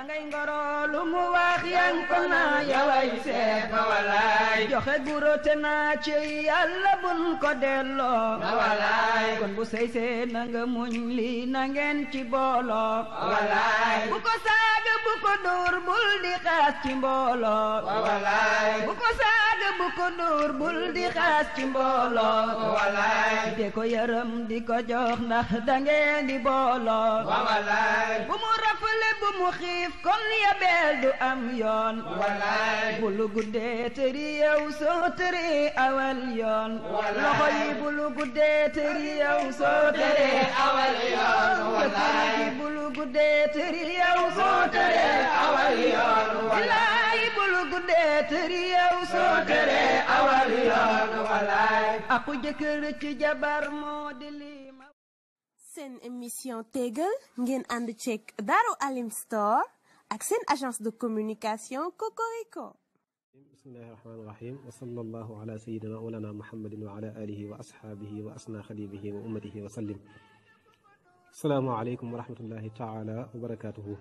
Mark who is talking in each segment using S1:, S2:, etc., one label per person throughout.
S1: ba ngay ngoro lu mu wax yan ko na yaway seet ma walaay joxe guro te naa ci yàlla bun ko delloo ma walaay kon bu sëy see na nga muñ li na ngeen ci booloo ma walaay bu ko dóor bul di xaas ci mbooloo walaay bu ko saaga bu ko dóor bul di xaas ci mbooloo walaay di ko yërëm di ko jox ndax da ngeen di booloo bu mu rafale bu mu xiif kon yabeel du am yoon walaay bu seen émission Téegël ngeen ànd ceeg Daaru Alim Store ak seen agence de communication Cocorico
S2: bismillahi rahmaani rahim wa sallallahu ala sayidina walana muhammadin wa ala alihi wa ashaabihi wa asna xadibihi wa ummatihi wa sallim assalaamu aleykum wa rahmatullahi taala wa barakatuhu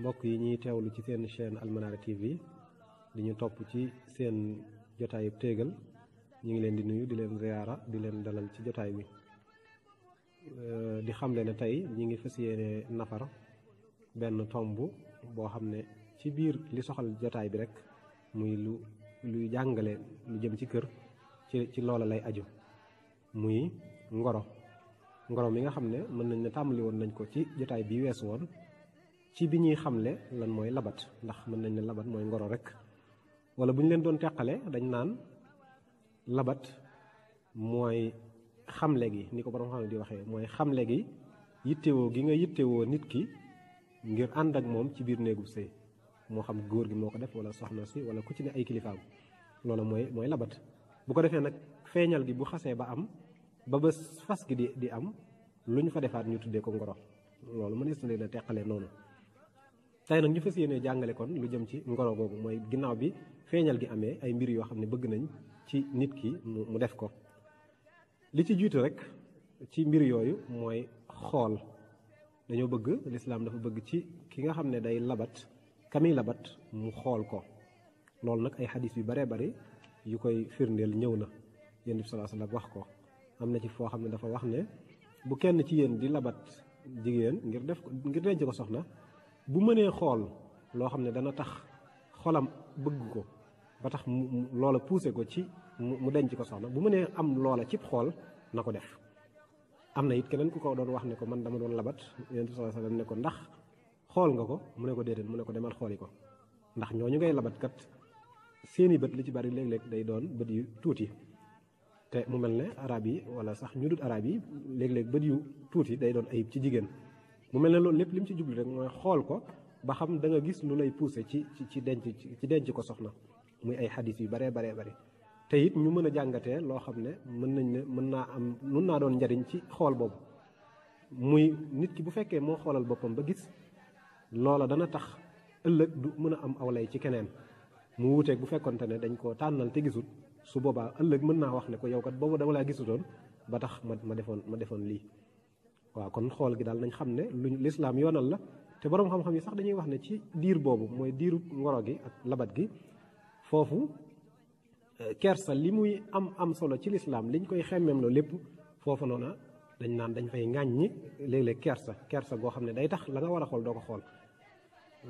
S2: mbokk yi ñuy teewlu ci seen chaîne Almanara TV di ñu topp ci seen jotaayub téegal ñu ngi leen di nuyu di leen ziyaara di leen dalal ci jotaay bi euh, di xamle ne tey ñi ngi fas yéene nafar benn tomb boo xam ne ci biir li soxal jotaay bi rek muy lu luy jàngale lu jëm ci kër ci ci loola lay aju muy ngoro ngoro mi nga xam ne mën nañ ne tàmbali woon nañ ko ci jotaay bi weesu woon ci bi ñuy xamle lan mooy labat ndax mën nañ labat mooy ngoro rek wala buñ leen doon teqale dañ naan labat mooy xamle gi ni ko borom xam di waxee mooy xamle gi yittewoo gi nga yittewoo nit ki ngir ànd ak moom ci biir néegu sëy moo xam góor gi moo ko def wala soxna si wala ku ci ne ay kilifaam loolu mooy mooy labat bu ko defee nag feeñal gi bu xasee ba am ba ba fas gi di di am luñ fa defaat ñu tuddee ko ngoro loolu mënees na leen a tey nag ñu fas yéene jàngale kon lu jëm ci ngoro googu mooy ginnaaw bi feeñal gi amee ay mbir yoo xam ne bëgg nañ ci nit ki mu def ko li ci jiitu rek ci mbir yooyu mooy xool dañoo bëgg lislaam dafa bëgg ci ki nga xam ne day labat kami labat mu xool ko loolu nag ay xadis yu baree bari yu koy firndeel ñëw na yéen bi sallallahu alayhi wax ko am na ci foo xam ne dafa wax ne bu kenn ci yéen di labat jigéen ngir def ko ngir denc ko soxna bu mënee xool loo xam ne dana tax xolam bëgg ko ba tax mu loola poussé ko ci mu denc ko soxna bu mënee am loola cib xool na ko def am na it keneen ku ko doon wax ne ko man dama doon labat yonent bi sallallahu ne ko ndax xool nga ko mu ne ko déedéet mu ne ko demal xooli ko ndax ñooñu ngay labat kat seeni bët li ci bari léeg-léeg day doon bët yu tuuti te mu mel ne arab yi wala sax ñu dut arab yi léeg-léeg bët yu tuuti day doon ayib ci jigéen mu mel ne loolu lépp li mu ci jublu rek mooy xool ko ba xam da nga gis lu lay poussé ci ci ci denc ci denc ko soxna muy ay xadis yu baree baree bari te ñu mën a jàngatee loo xam ne mën nañ ne mën naa am mën naa doon njariñ ci xool boobu muy nit ki bu fekkee moo xoolal boppam ba gis loola dana tax ëllëg du mën a am awlay ci keneen mu wuuteeg bu fekkonte ne dañ koo tànnal te gisut su boobaa ëllëg mën naa wax ne ko yow kat boobu dama laa gisutoon ba tax ma ma defoon ma defoon lii waaw kon xool gi daal nañ xam ne lu luñ lislaam yoonal la te boroom xam-xam yi sax dañuy wax ne ci diir boobu mooy diiru ngoro gi ak labat gi foofu euh, kersa li muy am am solo ci lislaam liñ koy xemmeem loo lépp foofu noona dañ naan dañ fay ŋàññi léeg-léeg kersa kersa goo xam ne day tax la nga war a xool doo ko xool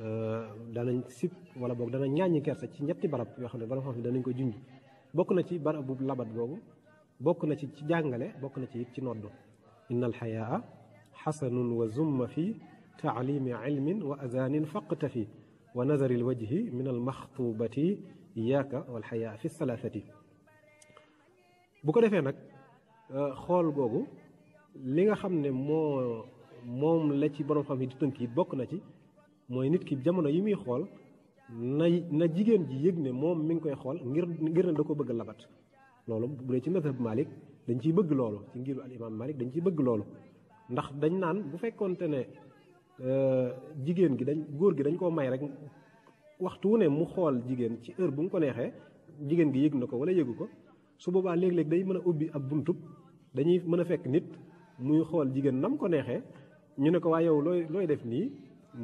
S2: euh, danañ sib wala boog danañ ŋàññi kersa ci ñetti barab yoo xam ne boroom xam-xam danañ ko junj bokk na ci barabu labat boobu bokk na ci ci jàngale bokk na ci it ci noddu إن الحياء حسن وزم في تعليم علم وأذان فاقتفي ونذر الوجه من المخطوبة إياaka wal xayaa fi salaasati bu ko defee nag xool googu li nga xam ne moo moom la ci borom xam yi di tënk yi bokk na ci mooy nit ki jamono yi muy xool na na jigéen ji yëg ne moom mi ngi koy xool ngir ngir ne da ko bëgg labat loolu bu dee ci mazhab Malik dañ ciy bëgg loolu ci ngiru al malik dañ ciy bëgg loolu ndax dañ naan bu fekkoonte ne euh, jigéen gi dañ góor gi dañ koo may rek waxtu wu ne mu xool jigéen ci heure bu mu ko neexee jigéen gi yëg na ko wala yëgu ko su boobaa léeg-léeg day mën a ubbi ab buntub dañuy mën a fekk nit muy xool jigéen nam ko neexee ñu ne ko waa looy looy def nii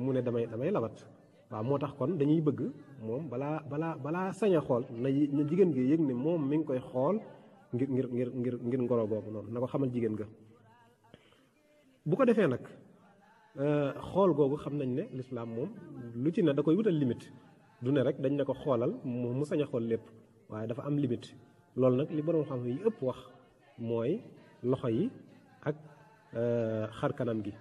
S2: mu ne damay damay waaw moo tax kon dañuy bëgg moom balaa balaa balaa sañ xool na jigéen gi yëg ne moom mi ngi koy xool ngir ngir ngir ngir ngir ngoro googu noonu na ko xamal jigéen ga bu ko defee nag euh, xool googu xam nañ ne lislaam moom lu ci ne da koy wutal limite du ne rek dañ ne ko xoolal moom mu sañ xool lépp waaye dafa am limite loolu nag li borom xam yi ëpp wax mooy loxo yi ak euh, xar kanam gi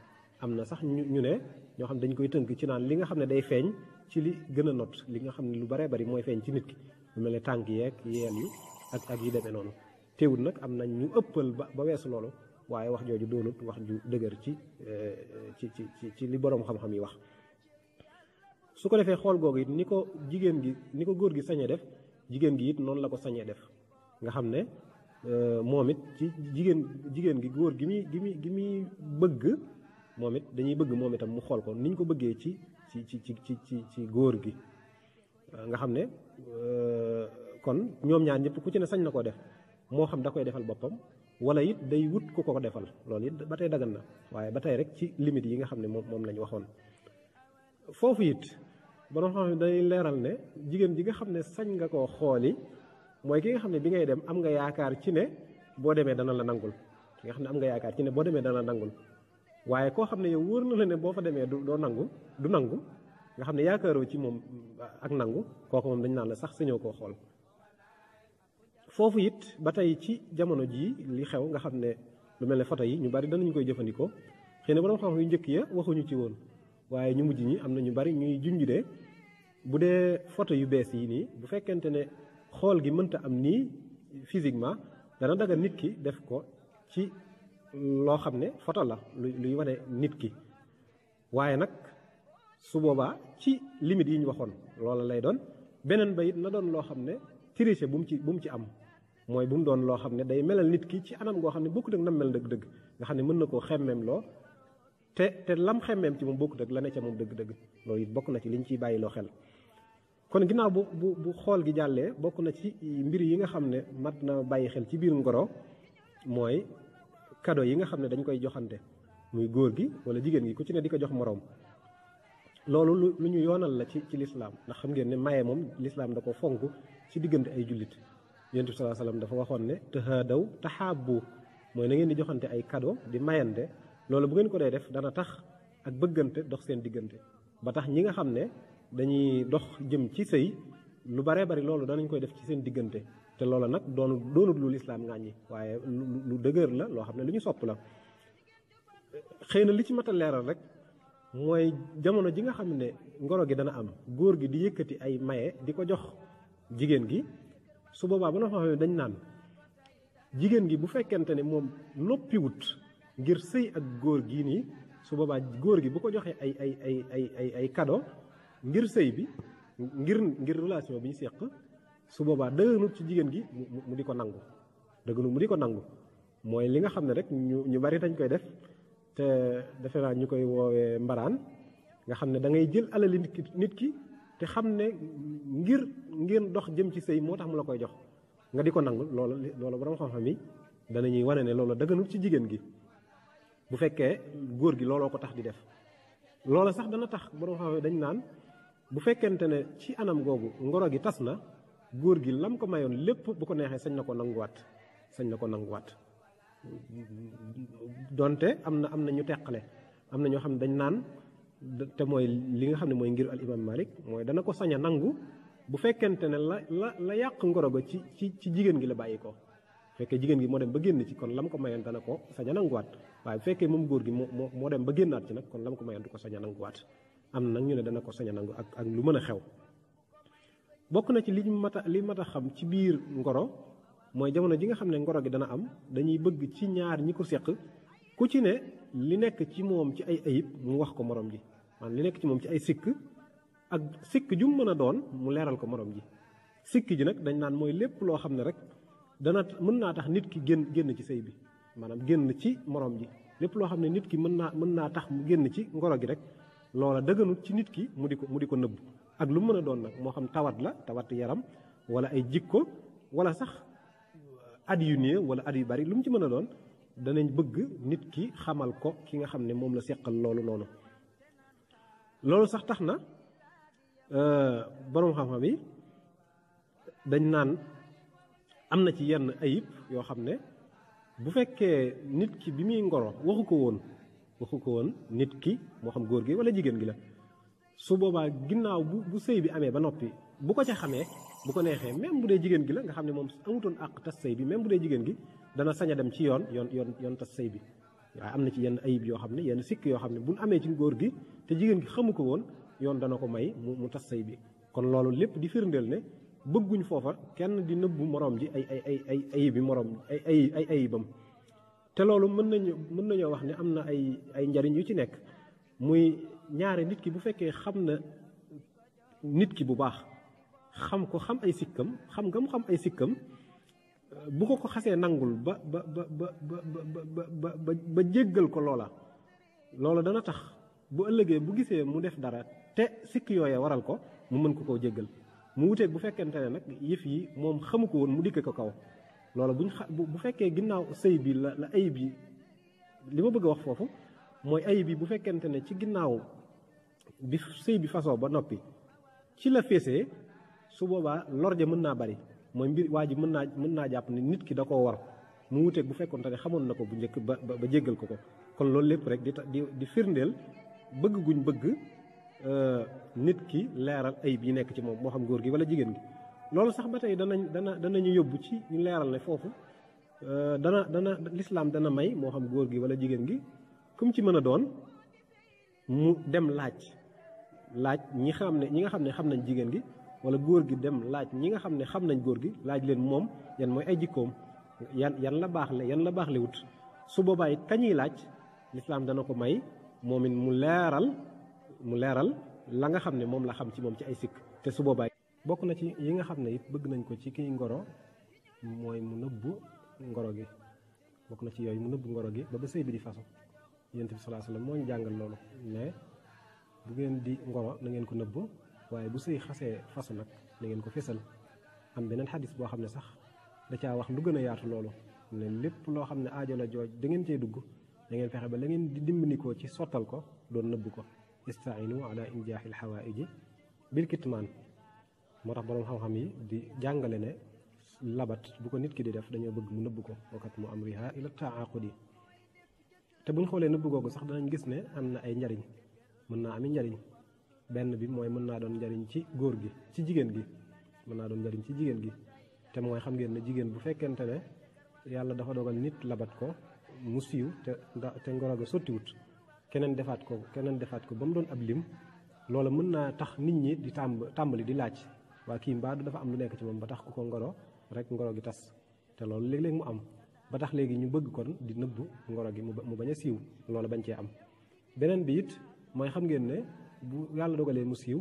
S2: am na sax ñu ñu ne ñoo xam ne dañ koy tënk ci naan li nga xam ne day feeñ ci li gën a not li nga xam ne lu baree bari mooy feeñ ci nit ki lu mel tànk yeeg yeel yi ak ak yi demee noonu teewul nak amna ñu ëppal ba ba wess lolu waye wax joju doonut wax ju dëgër ci eh, ci ci ci li borom xam-xam yi wax su ko defé xol googu ni ko gi ni ko gi sañee def jigen gi it non la ko sañee def nga xam eh, momit ci jigen jigen gi gor gi mi gi mi gi mi bëgg momit dañuy bëgg momitam mu xol ko niñ ko bëggee ci ci ci ci ci ci ci gor gi nga xam eh, kon ñom ñaar ñëpp ku ci ne sañ na ko def moo xam da koy defal boppam wala it day wut ku ko defal loolu it ba tey dagan na waaye ba tey rek ci limite yi nga xam ne moom moom lañ waxoon it borom xam ne day leeral ne jigéen ji nga xam ne sañ nga koo xooli mooy ki nga xam ne bi ngay dem am nga yaakaar ci ne boo demee dana la nangul ki nga xam ne am nga yaakaar ci ne boo demee dana la nangul waaye koo xam ne yow wóor na la ne boo fa demee du doo nangu du nangu nga xam ne yaakaaroo ci moom ak nangu kooku moom dañ naan la sax sañoo koo xool foofu it ba tey ci jamono jii li xew nga xam ne lu mel ne photo yi ñu bari danañu koy jëfandikoo xëy na borom xam-xam yu njëkk ya waxuñu ci woon waaye ñu mujj ñi am na ñu bari ñuy junj de bu dee foto yu bees yi nii bu fekkente ne xool gi mënta am nii physiquement dana daga nit ki def ko ci loo xam ne foto la luy wane nit ki waaye nag su boobaa ci limite yi ñu waxoon loola lay doon beneen ba it na doon loo xam ne triche bu mu ci bu mu ci am mooy bu mu doon loo xam ne day melal nit ki ci anam goo xam ne bokkut ak nam mel dëgg-dëgg nga xam ne mën na koo xemmeem te te lam xemmeem ci moom bokkut la ne ca moom dëgg-dëgg loolu it bokk na ci liñ ciy bàyyi loo xel kon ginnaaw bu bu xool gi jàllee bokk na ci mbir yi nga xam ne mat na bàyyi xel ci biir ngoro mooy cadeau yi nga xam ne dañ koy joxante muy góor gi wala jigéen gi ku ci ne di ko jox moroom loolu lu ñu yoonal la ci ci lislaam ndax xam ngeen ne maye moom lislaam da ko fonk ci diggante ay jullit yonent bi salaa salaam dafa waxoon ne tahaadaw taxaabu mooy na ngeen di joxante ay kado di mayante loolu bu ngeen ko dee def dana tax ak bëggante dox seen diggante ba tax ñi nga xam ne dañuy dox jëm ci sëy lu baree bari loolu danañ koy def ci seen diggante te loola nag doonu doonut lu lislaam ngàññi waaye lu dëgër la loo xam ne lu ñu sopp la xëy na li ci mat a leeral rek mooy jamono ji nga xam ne ngoro gi dana am góor gi di yëkkati ay maye di ko jox jigéen gi su boba bu na fa dañ nan jigen gi bu fekente ne nopi wut ngir sey ak gor gi ni su boba gor gi bu ko joxe ay ay ay ay ay ay cadeau ngir sey bi ngir ngir relation bi sekk su boba deugnu ci jigen gi mu di ko nangu dëgënut mu di ko nangu mooy li nga xamne rek ñu ñu bari dañ koy def te defena ñukoy wowe koy nga xamne da ngay jël alali nit ki te xam ne ngir ngeen dox jëm ci sëy moo tax mu la koy jox nga di ko nangu loola loola borom xam-xam yi danañuy wane ne loola dëgganul ci jigéen gi bu fekkee góor gi looloo ko tax di def loola sax dana tax borom xam-xam yi dañ naan bu fekkente ne ci anam googu ngoro gi tas na góor gi lam ko mayoon lépp bu ko neexee sañ na ko nanguwaat sañ na ko nanguwaat donte am na am na ñu teqale am na ñoo xam ne dañ naan te moy li nga xamne moy ngir al imam malik moy dana ko saña nangu bu fekente ne la la yaq yàq ngoro ga ci ci ci gi la bayiko fekke jigen gi mo dem ba genn ci kon lam ko mayen dana ko saña nangu wat waaye fekke fekkee gor gi mo dem ba gennat ci nak kon lam ko mayen du ko saña nangu wat am nak ñu ne dana ko saña nangu ak ak lu meuna xew bokku na ci li mata li mata xam ci bir ngoro moy jamono ji nga xamne ngoro gi dana am dañuy bëgg ci ñaar ñi ko sekk ku ci ne li nek ci moom ci ay ayib mu wax ko morom ji man li nekk ci moom ci ay sikk ak sikk ju mën a doon mu leeral ko morom ji sikki ji nag dañ naan mooy lépp loo xam ne rek dana mën naa tax nit ki génn génn ci sëy bi maanaam génn ci morom ji lépp loo xam ne nit ki mën naa mën naa tax mu génn ci ngoro gi rek loola dëgënut ci nit ki mu di mu di ko ak lu mën doon nag moo xam tawat la tawat yaram wala ay jikko wala sax at yu néew wala at yu bari lu mu ci mën a doon danañ bëgg nit ki xamal ko ki nga xam ne la seqal loolu noonu loolu sax tax na euh, borom xam-xam yi dañ naan am na ci yenn ayib yoo xam ne bu fekkee nit ki bi muy ngoro waxu ko woon waxu ko woon nit ki moo xam góor gi walla jigéen gi la su boobaa ginnaaw bu bu sëy bi amee ba noppi bu ko ca xamee bu ko neexee même bu dee jigéen gi la nga xam ne moom amutoon àq tas sëy bi même bu dee jigéen gi dana sañ a dem ci yoon yoon yoon yoon tas sëy bi waaye am na ci yenn ayib yoo xam ne yenn sikk yoo xam ne buñ amee ci góor gi te jigéen gi xamu ko woon yoon dana ko may mu tas say bi kon loolu lépp di firndeel ne bëgguñ foofa kenn di nëbbu moroom ji ay ay ay ay ayibi moroom ay ay ay ayibam te loolu mën nañu mën nañoo wax ne am na ay ay njariñ yu ci nekk muy ñaari nit ki bu fekkee xam na nit ki bu baax xam ko xam ay sikkam xam nga mu xam ay sikkam bu ko ko xasee nangul ba ba ba ba ba ba ba ba jéggal ko loola loola dana tax bu ëllëgee bu gisee mu def dara te sikk yooyee waral ko mu mën ko koo jéggal mu wuteeg bu fekkente ne nag yëf yi moom xamu ko woon mu dikk ko kaw loola bu xa bu fekkee ginnaaw sëy bi la la ayib yi li ma bëgg a wax foofu mooy ayib bi bu fekkente ne ci ginnaaw bi sëy bi fasoo ba noppi ci la feesee su boobaa lor ja mën naa bari mooy mbir waa ji mën naa mën naa jàpp ne nit ki da ko war mu wuteeg bu fekkoon te ne xamoon na ko bu njëkk ba ba jéggal ko ko kon loolu lépp rek di di di firndeel bëgg guñ bëgg euh, nit ki leeral ayib yi nekk ci moom moo xam góor gi wala jigéen gi loolu sax ba tey danañ dana danañu yóbbu ci ñu leeral foofu euh, dana dana lislaam dana may moo xam góor gi wala jigéen gi kum ci mën a doon mu dem laaj laaj ñi xam ne ñi nga xam ne xam nañ jigéen gi wala góor gi dem laaj ñi nga xam ne xam nañ góor gi laaj leen moom yan mooy ay jikkoom yan yan la baax le yan la baax le wut su boobaay it kañuy laaj lislaam dana ko may moom it mu leeral mu leeral la nga xam ne moom la xam ci moom ci ay sikk te su boobaa bokk na ci yi nga xam ne it bëgg nañ ko ci kiy ngoro mooy mu nëbbu ngoro gi bokk na ci yooyu mu nëbbu ngoro gi ba ba sëy bi di façon yonent bi sallallahu alayhi wasallam moo ñu jàngal loolu mais ngeen di ngoro na ngeen ko nëbbu waaye bu sëy xasee fasu nag na ngeen ko fésal am beneen xadis boo xam ne sax da caa wax lu gën a yaatu loolu ne lépp loo xam ne aajo la jooj da ngeen cee dugg dangeen ngeen fexe ba la ngeen di dimbanikoo ci sottal ko doon nëbb ko istainu ala injaaxil xawaaiji bil kitmaan moo tax boroom xam-xam yi di jàngale ne labat bu ko nit ki di def dañoo bëgg mu nëbb ko wakat mu am riha ila taaqudi te buñ xoolee nëbb googu sax danañ gis ne am na ay njariñ mën naa ami njariñ benn bi mooy mën naa doon njariñ ci góor gi ci jigéen gi mën naa doon njariñ ci jigéen gi te mooy xam ngeen ne jigéen bu fekkente ne yàlla dafa dogal nit labat ko mu siiw te te ngoro ga sottiwut keneen defaat ko keneen defaat ko ba mu doon ab lim loola mën naa tax nit ñi di tàmb tàmbali di laaj waa kii mbaa du dafa am lu nekk ci moom ba tax ku ko ngoro rek ngoro gi tas te loolu léeg-léeg mu am ba tax léegi ñu bëgg kon di nëbb ngoro gi mu bañ a siiw loola bañ cee am beneen bi it mooy xam ngeen ne bu yàlla dogalee mu siiw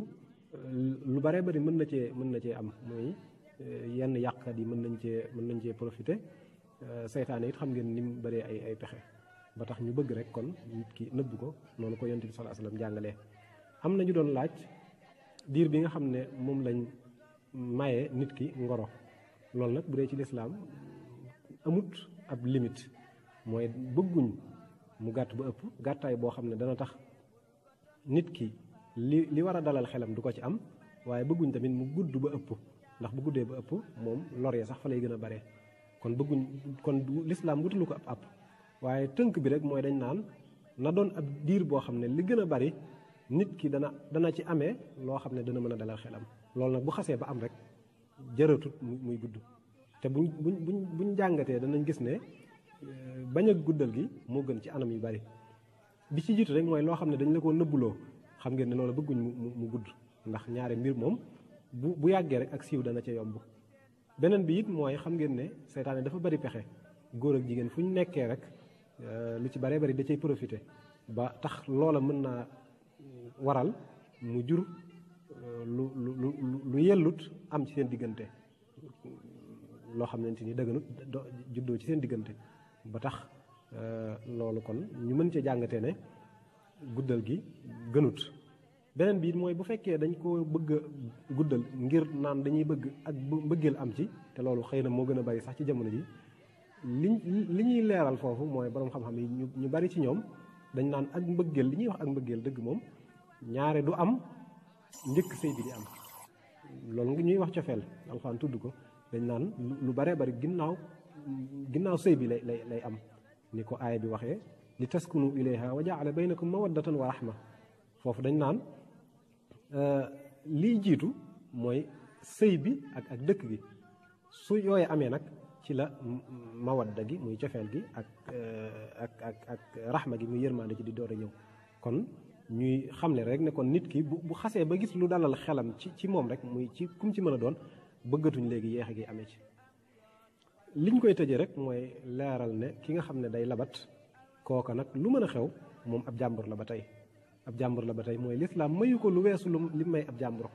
S2: lu bare bari mën na cee mën na cee am mooy eh, yenn yàqkat yi mën nañ cee mën nañ cee profité eh, saytaane it xam ngeen ni mu bëree ay ay pexe ba tax ñu bëgg rek kon nit ki nëbb ko noonu ko yonent bi sallallahu alayhi wasallam jàngalee am na ñu doon laaj diir bi nga xam ne moom lañ maye nit ki ngoro loolu nag bu dee ci lislaam amut ab limite mooy bëgguñ mu gàtt ba ëpp gàttaay boo xam ne dana tax nit ki li li war dalal xelam du ko ci am waaye bëgguñ tamit mu gudd ba ëpp ndax bu guddee ba ëpp moom lor ya sax fa lay gën a bare kon bëgguñ kon l'islam wutalu ko ab ab waaye tënk bi rek mooy dañ naan na doon ab diir boo xam li gën bari nit ki dana dana ci amee loo xam dana mën dalal xelam loolu nak bu xasee ba am rek jëratut muy gudd te buñ buñ buñ buñ jàngatee danañ gis ne euh, bañ a guddal gi moo gën ci anam yu bari bi ci jiitu rek mooy loo xam dañ la ko nëbbuloo xam ngeen ne loolu bëgguñ mu mu gudd ndax ñaari mbir moom bu bu yàggee rek ak siiw dana ca yomb beneen bi it mooy xam ngeen ne seytaane dafa bari pexe góor ak jigéen fu ñu rek euh, lu ci bari da cay profité ba tax loola mën waral mu jur euh, lu lu lu yellut am ci seen diggante loo xamante ni dëgganut juddoo ci seen diggante ba tax euh, loolu kon ñu mën cee jàngatee ne guddal gi gënut benen bi mooy bu fekkee dañ ko bëgg guddal ngir naan dañuy bëgg ak mbëggeel am ci te loolu xëy na moo gën a bari sax ci jamono ji li ñuy leeral foofu mooy borom xam-xam yi ñu bari ci ñoom dañ naan ak mbëggeel li ñuy wax ak mbëggeel dëgg moom ñaare du am njëkk sëy bi di am loolu nga ñuy wax cofeel alxaan tudd ko dañ naan lu bare bari ginnaaw ginnaaw sëy bi lay lay lay am ni ko aaya bi waxee li taskunu bay wa ko baynakum mawaddatan wa rahma foofu dañ naan lii jiitu mooy sëy bi ak ak dëkk gi su yooye amee nag ci la mawadda gi muy cofeel gi ak ak ak ak raxma gi mu yërmaande ci di door a ñëw kon ñuy xam ne rek ne kon nit ki bu xasee ba gis lu dalal xelam ci ci moom rek muy ci kum ci mën a doon bëggatuñ léegi yeexe gi amee ci liñ koy tëje rek mooy leeral ne ki nga xam ne day labat kooka nag lu mën a xew moom ab jàmbur la ba tey ab jàmbur la ba tey mooy lislaam mayu ko lu weesu lu li may ab jàmbur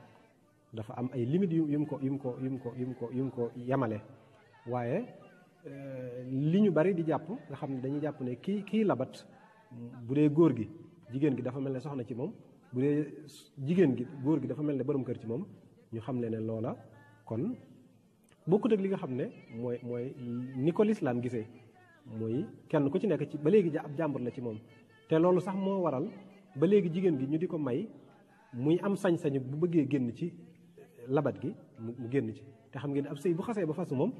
S2: dafa am ay limites yu yum ko yum ko yum ko yum ko yum ko yemale waaye euh, li ñu bari di jàpp nga xam ne dañuy jàpp ne kii kii labat bu dee góor gi jigéen gi dafa mel ne soxna ci moom bu dee jigéen gi góor gi dafa mel ne borom kër ci moom ñu xam le ne loola kon bokkut ak li nga xam ne mooy mooy ni ko lislaam gisee muy kenn ku ci nekk ci ba léegi ab jàmbur la ci moom te loolu sax moo waral ba léegi jigéen gi ñu di ko may muy am sañ-sañu bu bëggee génn ci labat gi mu génn ci te xam ngeen ab sëy bu xasee ba fasu moom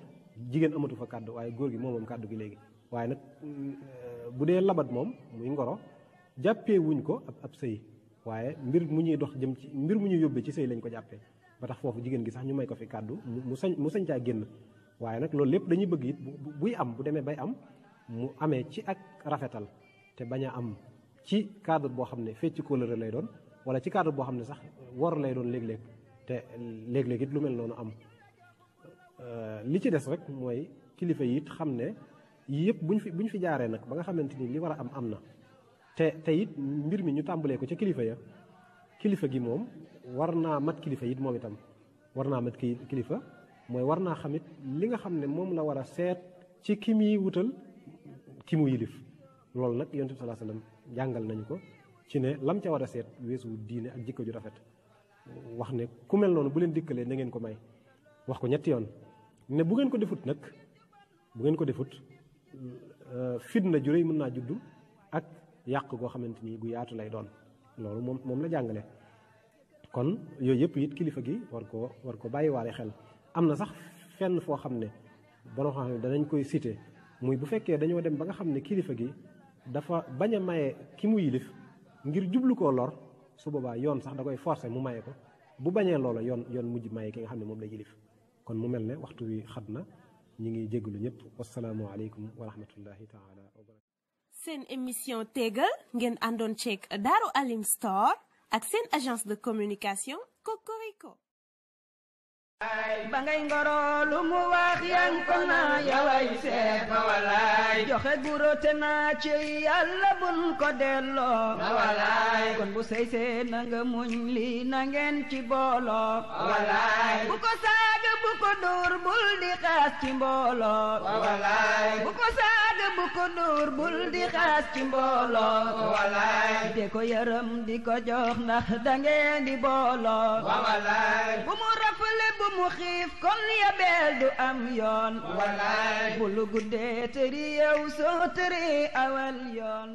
S2: jigéen amatu fa kàddu waaye góor gi moom moom kàddu gi léegi waaye nag euh, bu dee labat moom muy ngoro jàppee wuñ ko ab ab sëy waaye mbir mu ñuy dox jëm ci mbir mu ñuy yóbbee ci sëy lañ ko jàppee ba tax foofu jigéen gi sax ñu may ko fi kàddu mu sañ mu sañ caa génn waaye nag loolu lépp dañuy bëgg it buy am bu demee bay am mu amee ci ak rafetal te bañ a am ci cadre boo xam ne fecc kóllëre lay doon wala ci cadre boo xam ne sax wor lay doon léeg-léeg te léeg-léeg lu mel noonu am euh, li ci des rek mooy kilifa yit xam ne yii yëpp buñ fi buñ fi jaaree nag ba nga xamante ni li war a am am na te te it mbir mi ñu tàmbalee ko ca kilifa ya kilifa gi moom war naa mat kilifa it moom itam war naa mat kilifa mooy war naa xamit li nga xam ne moom la war a seet ci ki muy wutal ki mu yilif loolu nag yonent bi salaa sallam jàngal nañu ko ci ne lam ca war a seet weesu diine ak jikko ju rafet wax ne ku mel noonu bu leen dikkalee na ngeen ko may wax ko ñetti yoon ne bu ngeen ko defut nag bu ngeen ko defut euh, fitna ju rëy mën juddu ak yàq goo xamante ni gu yaatu lay doon loolu moom moom la jàngale kon yooyu yëpp it kilifa gi war ko war ko bàyyi waale xel amna sax fenn fo xamne borom xam ne danañ koy cité muy bu fekke dañu dem ba nga xamne kilifa gi dafa baña maye ki muy yilif ngir djublu ko lor su boba yon sax da koy forcer mu maye ko bu bañe lolo yon yon mujj maye ki nga xamne mom moom la yilif kon mu melne waxtu wi xadna ñi ñu ngi jégalu ñëpp alaykum wa rahmatullahi taala wa barakatuh
S1: sen émission tegal ngeen andon ceeg daru Alim Store ak sen agence de communication Cocorico ba ngay ngoro lu mu wax yan ko na yaway seet ma walaay joxe guro naa ci yàlla bun ko delloo ma walaay kon bu sëy see na nga muñ li na ngeen ci booloo ma walaay bu ko dóor bul di xaas ci mbooloo walaay bu ko saaga bu ko dóor bul di xaas ci mbooloo walaay di ko yërëm di ko jox ndax da ngeen di booloo walaay bu mu rafale bu mu xiif kon yabeel du am yoon walaay bu lu guddee tëri yow soo tëri awal yoon